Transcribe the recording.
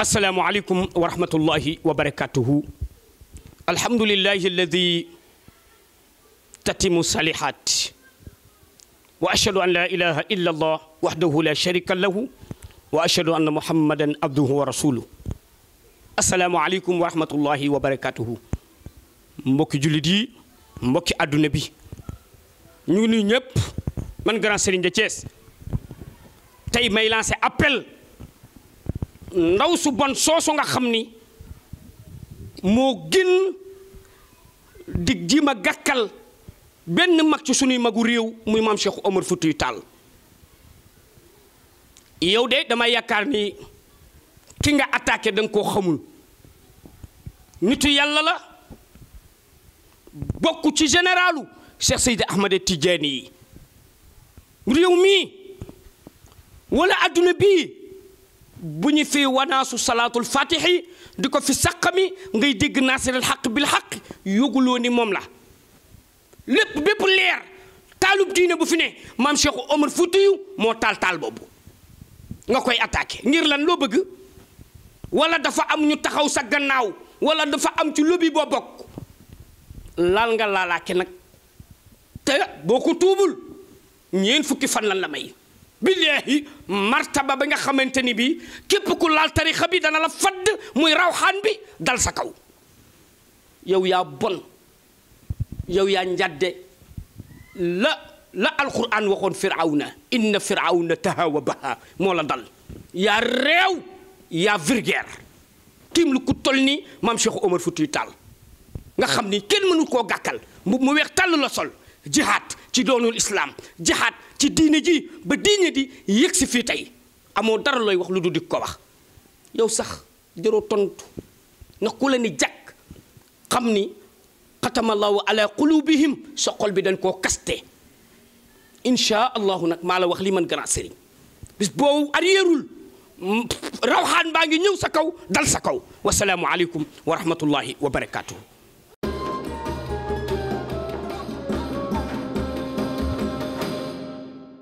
السلام عليكم ورحمة الله وبركاته الحمد لله الذي تتم الصالحات وأشهد أن لا إله إلا الله وحده لا شريك له وأشهد أن محمدا عبده ورسوله السلام عليكم ورحمة الله وبركاته mbokki جلدي yi mbokki àdduna نوني ñu من nuyu ñëpp man grand serigne de Thiès ndaw su bon soosu nga xam ni moo gën di ji ma gàkkal benn mag ci sunuy magu réew muy maam Cheikh Omar Foutiyou Tall yow de dama yaakaar ni ki nga attaqué danga koo xamul nitu yàlla la bokk ci généralu Cheikh Seydi Ahmed Tidiane yi réew mii wala adduna bii bu ñu fi wanaasu salaatul fatixi di ko fi saqami ngay dégg naasiril xaq bil xaq yóguloo ni moom la lépp bépp leer taalub diine bu fi ne maam Cheikh Omar Foutiyou moo taal taal boobu nga koy attake ngir lan loo bëgg wala dafa am ñu taxaw sa gannaaw wala dafa am ci lobi boo bokk laal nga laalaake nag te boo ko tuubul ñeen fukki fan lan la may billaahi martaba ba nga xamante ni bii képp ku laal tarixa bi dana la fadd muy rawxaan bi dal sa kaw yow yaa bon yow yaa njadde la la alquran waxoon firawna inna firawna tahawa baha moo la dal yaa réew yaa vulgaire tiim lu ku toll nii maam Cheikh Omar Foutiyou Tall nga xam ni kenn mënu koo gàkkal mu weex tàll la sol jihaat ci doonul islaam jihaat ci diine ji ba diine di yëg si fii tey amoo dara looy wax lu du di ko wax yow sax jaroo tontu na ku la ni jàkk xam ni xatamallahu ala qulubihim sa bi dañ koo kaste inchaa allahu nag maa la wax lii man grand sëriñ bis boobu arrièreul rawxaan baa ngi ñëw sa kaw dal sa kaw wasalaamu aleykum wa rahmatullahi wa barakatuhu